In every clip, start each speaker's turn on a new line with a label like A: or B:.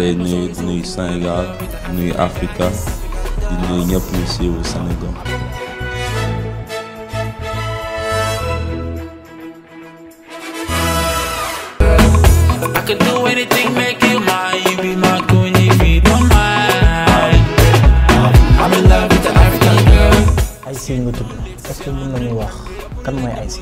A: lay nuyu di nuyu Sénégal di nuyu Africa di nuyu ñëpp ñu siiwu Sénégal.
B: Aïssi nga tudd est-ce que mën nañu wax kan mooy Aïssi.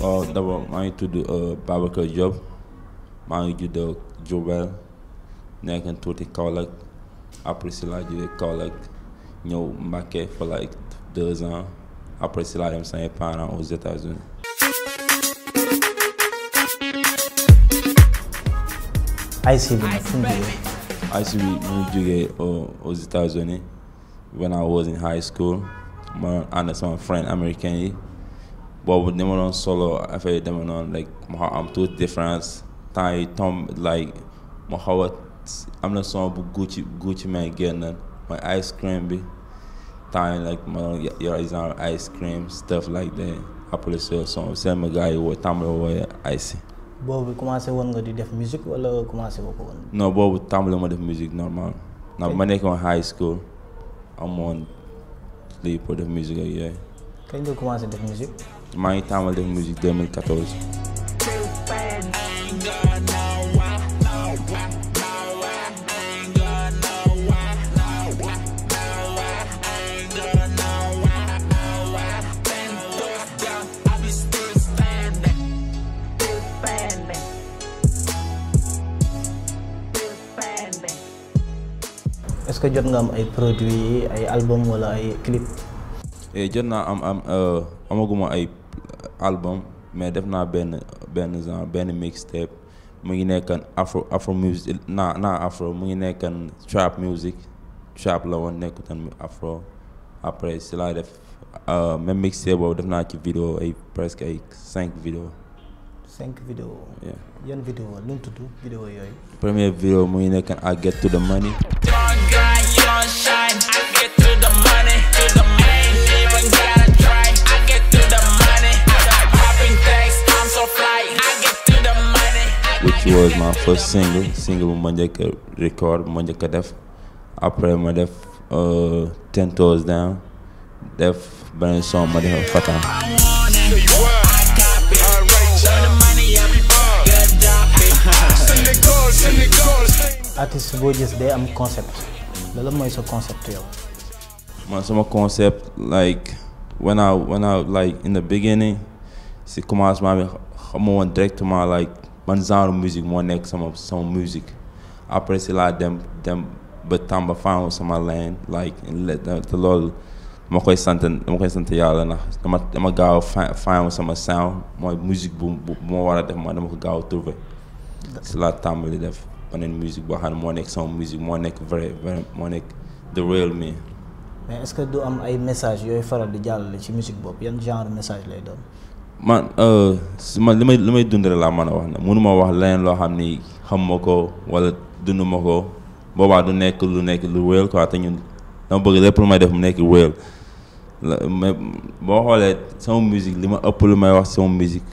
A: waaw oh, d'abord maa ngi tudd euh, Babacar Diop maa ngi judd Diourbel nekkoon tuuti Kaolack après si laa jógee Kaolack ñëw Mbacké fa la deux ans après si laa dem samay parents aux états mu jógee. ICB mu when I was in high school ma doon friend américain yi boobu ni ma doon solo affaire yi like ma temps yi am na son bu Gucci Gucci may génn mooy ice cream bi temps yi like ma yor exemple ice cream stuff like that apple ce son seen gars yi woo tàmbale wooye ice
B: boobu commencé woon nga di def musique wala commencé woko ko woon
A: non boobu tàmbale ma def musique normal ndax ma nekkoon high school amoon lii pour def musique ak yooyu
B: kañ nga commencé def musique
A: maa ngi tàmbale def musique 2014
B: que jot nga am ay produits ay album wala ay clip.
A: Eh, jot naa am am euh, amaguma ay album mais def naa benn benn genre benn mixtape mu ngi nekkan afro music naa afro mu ngi nekkan trap music trap la woon nekkutan afro après si laa def euh, même mixtape boobu def naa ci vidéo ay presque ay cinq vidéo
B: cinq vidéo yan vidéo lu mu tudd vidéo
A: yooyu mu ngi nekkan I get to the money
B: sunshine. I get to the money, to the money. Even gotta try. I get to the money. I got popping things. I'm so fly. I get to the money.
A: Which was my first single, single bu ma njëkk a record bu ma njëkk a def après ma def euh, ten toes down def beneen son ma def fata.
B: artiste boo gis day am concept la mooy sa concept yow.
A: man sama concept like when I when I like in the beginning si commencement bi xamu woon directement like man genre musique moo nekk sama sama musique après si laa dem dem ba tàmba faamu sama line like te lool dama koy sant dama koy sant yàlla ndax dama dama gaaw a faamu sama sound mooy musique bu bu ma war a def ma dama ko gaaw a trouver si laa tàmbali def. beneen musique boo xam ne moo nekk sama musique moo nekk vrai moo nekk the real me.
B: mais est-ce que du am ay message yooyu faral di jàllale ci musique boobu yan genre message lay doon.
A: man euh, si man li may li may dund laa man a wax na mënuma wax leneen loo xam ni xamuma ko wala dund ma ko boobaa du nekk lu nekk lu real quoi te ñun dama bëgg lépp lu may def mu nekk real mais boo xoolee sama musique li ma ëpp lu may wax sama musique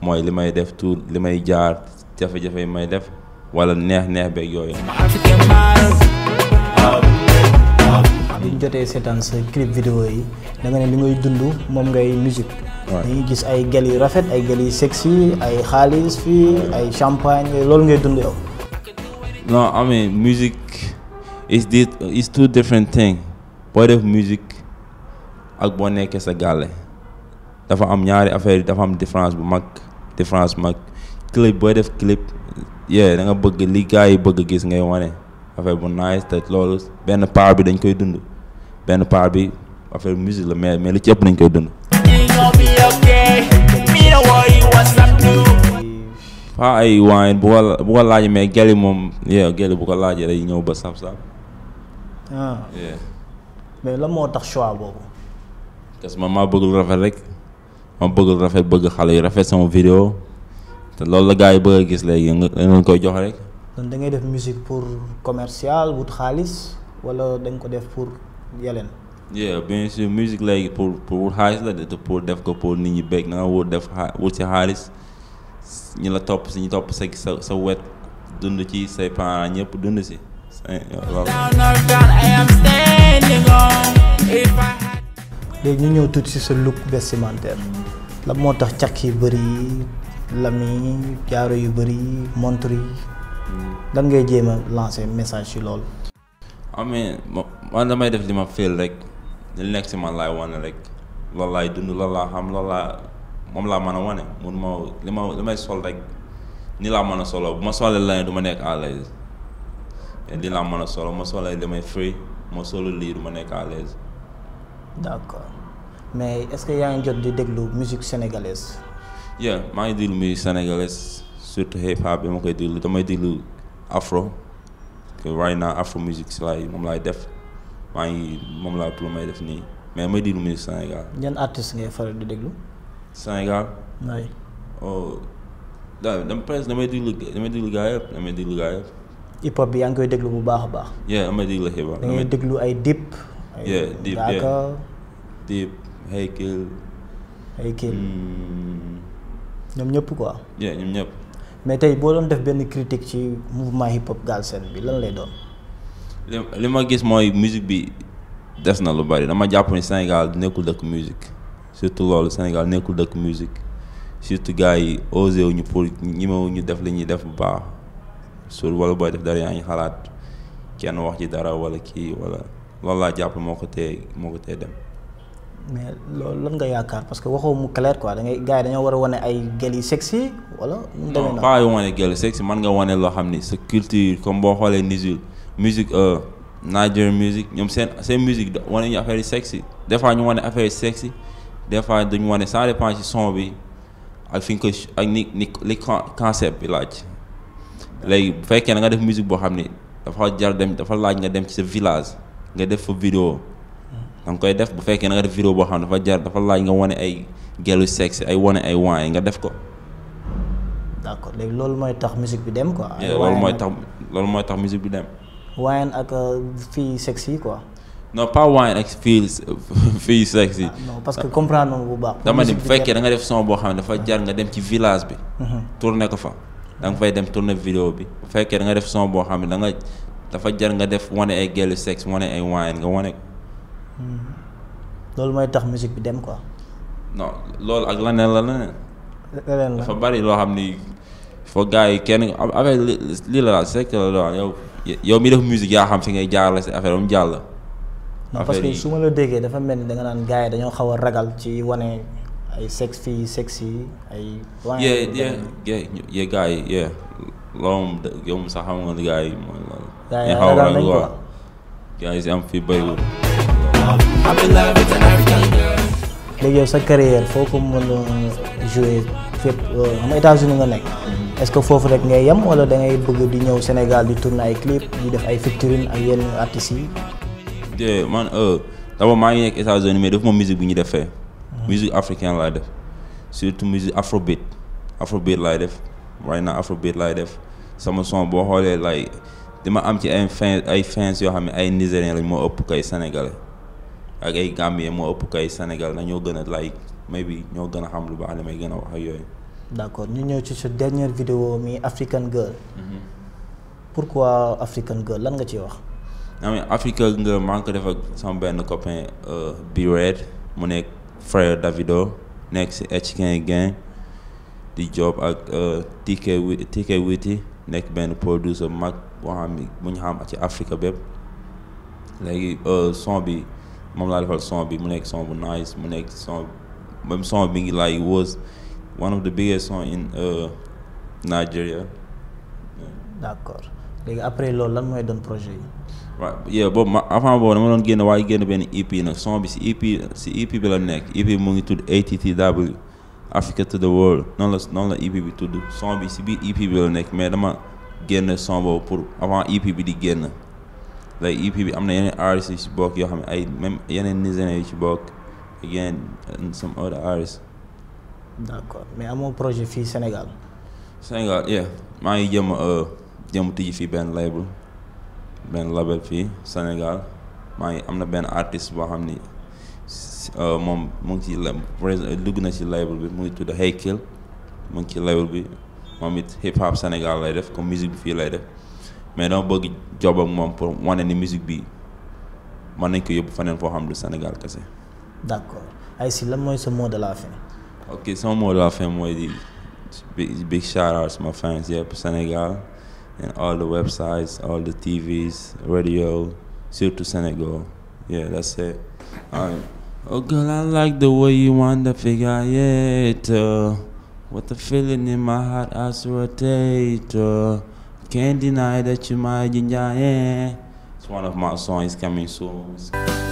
A: mooy li may def tout li may jaar jafe-jafe yi may def wala neex neex beeg yooyu.
B: bi ñu jotee seetaan sa clip vidéo yi da ne li ngay dund moom ngay musique dañuy gis ay gel yu rafet ay gel yu sexy ay xaalis fii ay champagne loolu ngay dund yow.
A: non I mean music is di two different thing booy def musique ak boo nekkee sa gàlle dafa am ñaari affaire yi dafa am différence bu mag différence bu mag clip booy def clip. yee da nga bëgg li gars yi bëgg gis ngay wane affaire bu nice te loolu benn part bi dañ koy dund benn part bi affaire musique la mais mais li ci dañ koy dund. ah ay waaye bu ko laaj ko mais gel yi moom yee gel bu ko laajee day ñëw ba sab sab
B: ah mais lan moo tax choix boobu.
A: parce que rafet rek ma bëggul rafet bëgg xale yu rafet sama vidéo. te loolu la gars yi ba gis léegi nga koy jox rek.
B: kon da ngay def musique pour commercial wut xaalis wala dañ ko def pour yeleen.
A: yeah bien sûr léegi pour pour wut xaalis la de pour def ko pour nit ñi bëgg na nga wut def xa wut si xaalis ñi la topp si ñu topp sa sa sa wet dund ci say parents ñëpp dund si.
B: léegi ñu ñëw tuuti si sa look vestimentaire la moo tax càq yi bëri. lam jaaro yu bëri montre yi lan ngay jéem a lancer message ci loolu.
A: amee ah, man damay def li ma féel rek li nekk si man laay wane rek loolu laay dund loolu laa xam loolu laa moom laa mën a wane mun ma li ma li may sol rek ni laa mën a solo bu ma solee leneen du ma nekk à l'aise li laa mën a solo ma solee li may free ma solo lii du ma
B: nekk à l'aise. d'accord mais est-ce que yaa ngi jot di déglu musique sénégalaise.
A: yeah maa ngi déglu muy sénégalais surtout hip hop bi ma koy déglu damay déglu afro que right now afro music si laay moom laay def maa ngi moom laa pour may def nii mais may déglu musique Sénégal.
B: yan artistes ngay faral di déglu.
A: Sénégal. waay. oh da dama presque damay déglu damay
B: hip hop bi yaa ngi koy déglu bu baax a baax.
A: yeah damay déglu hip hop. da ngay
B: ay Dip. yeah Dip yeah
A: Dip Hakill. ñoom ñëpp ko bien ñëpp.
B: mais tey boo doon def benn critique ci mouvement hip hop Galsen bi lan lay doon.
A: li ma gis mooy musique bi des na lu bari dama jàpp ni Sénégal nekkul dëkk musique surtout loolu Sénégal nekkul dëkk musique surtout gars yi osé wu ñu pour ñimewu ñu def li ñuy def bu baax sur wala booy def dara yaa ngi xalaat kenn wax ci dara wala kii walla loolu laa jàpp moo ko tee moo ko tee dem.
B: mais loolu lan nga yaakaar parce que waxoo mu clair quoi da ngay gars dañoo war a wane ay gel yi sexy wala. mu demee noonu pas
A: yu wane gel nga wane loo xam ni sa culture comme boo xoolee nisul musique euh, Niger musique ñoom seen seen musique wane ñu affaire yi sexy des fois ñu wane affaire yi sexy des fois duñu wane ça dépend ci son bi ak fi nga ko ak ni ni li concept bi laaj léegi bu fekkee na nga def musique boo xam ni dafa jar dem dafa laaj nga dem ci sa village nga def fa vidéo da koy def bu fekkee na nga def vidéo boo xam dafa jar dafa laaj nga wane ay gelu sexe ay wane ay waay nga def ko.
B: d'accord léegi loolu mooy tax musique bi dem quoi. mooy
A: tax loolu mooy tax musique bi dem.
B: waayen ak euh, fii sexe yi quoi.
A: non pas waayen ak fii fii sexe yi. non que comprendre bu baax. dama bu fekkee da nga def son boo xam ne dafa jar nga dem ci village bi. Mhm. tourné ko fa. da nga fay dem tourné vidéo bi bu fekkee da nga def son boo xam ne da nga dafa jar nga def wane ay gelu sexe wane ay waayen nga wane
B: Hmm. loolu mooy tax musique bi dem quoi.
A: non ak leneen la leneen. leneen la dafa bari loo xam ni foo gars yi kenn affaire lii la la c'est que yow yow mi def musique yaa xam fi ngay jaarale si affaire mu jàll. non parce que su
B: ma la déggee dafa mel ni danga naan gaa yi dañoo xaw a ragal ci wane ay sex fii sex yi ay. waa yee
A: yee yee gars yi yee loolu moom sax xam nga gars yi mooy loolu. gars yi si am fii bëriwul.
B: léegi yow sa carrière foo ko mën a jouer fépp euh, États-Unis nga nekk. Mm-hmm. est-ce que foofu rek ngay yem wala da ngay bëgg di ñëw Sénégal di tourner ay clip di def ay featuring ak yenn artistes
A: yi. man euh, maa ngi nekk États-Unis mais defuma musique bu ñu defee fee. Mm-hmm. africain africaine laay def surtout musique afrobeat afrobeat laay def waaye na afrobeat laay def sama son boo xoolee laay ma am ci ay fans ay fans yoo xam ne ay nigériens lañ moo ëpp kay sénégalais. ak ay Gambien moo ëpp kay Sénégal na ñoo gën a like may bi ñoo gën a xam lu baax li may gën a wax ak yooyu.
B: d' accord ñu ñëw ci sa dernière vidéo mi African Girl. Mm-hmm. pourquoi African Girl lan nga ci wax.
A: naa ne African Girl maa ngi ko def ak sama benn copin euh, bi Red mu nekk frère Davido nekk si H15 Gang di job ak euh, TK TK Witi nekk benn producer mag boo xam mu ñu xam ci Afrique bépp léegi euh, son bi. moom laa defal son bi mu nekk son bu nice mu nekk son même son bi ngi like was one of the biggest song in uh, Nigeria.
B: d' accord léegi après loolu lan mooy doon projet yi.
A: waaw yow boobu ma avant boobu dama doon génn waaye génn benn EP nag son bi si EP si EP bi la nekk EP mu ngi tudd ATTW Africa to the world noonu la EP bi tudd son bi si biir EP bi la nekk mais dama génn son boobu pour avant EP bi di génn. like EP bi am na yeneen artistes yu ci bokk yoo xam ne ay même yeneen nigériens yu ci bokk ak some other artistes.
B: d'accord mais amoo projet fii Sénégal.
A: Sénégal maa ngi jëm uh, jëm fi benn label benn label fii senegal maa ngi am na benn artiste boo xam ni uh, moom mu ngi ci dugg na ci label bi mu ngi tudd Haykill mu ngi ci label bi moom it hip hop Sénégal lay def comme musique bi fii lay def. mais dama bëgg job ak moom pour wane ni musique bi mën nañ ko yóbbu faneen foo xam du Sénégal kese.
B: d' accord si lan mooy sa mot de la
A: fin. mooy di big shout out sama fans yëpp Sénégal and all the websites all the TVs radio surtout Sénégal yeah that's it. Um, oh girl I like the way you want to figure it uh, with feeling in my heart as rotate. Can't deny that you might enjoy. It's one of my songs coming soon.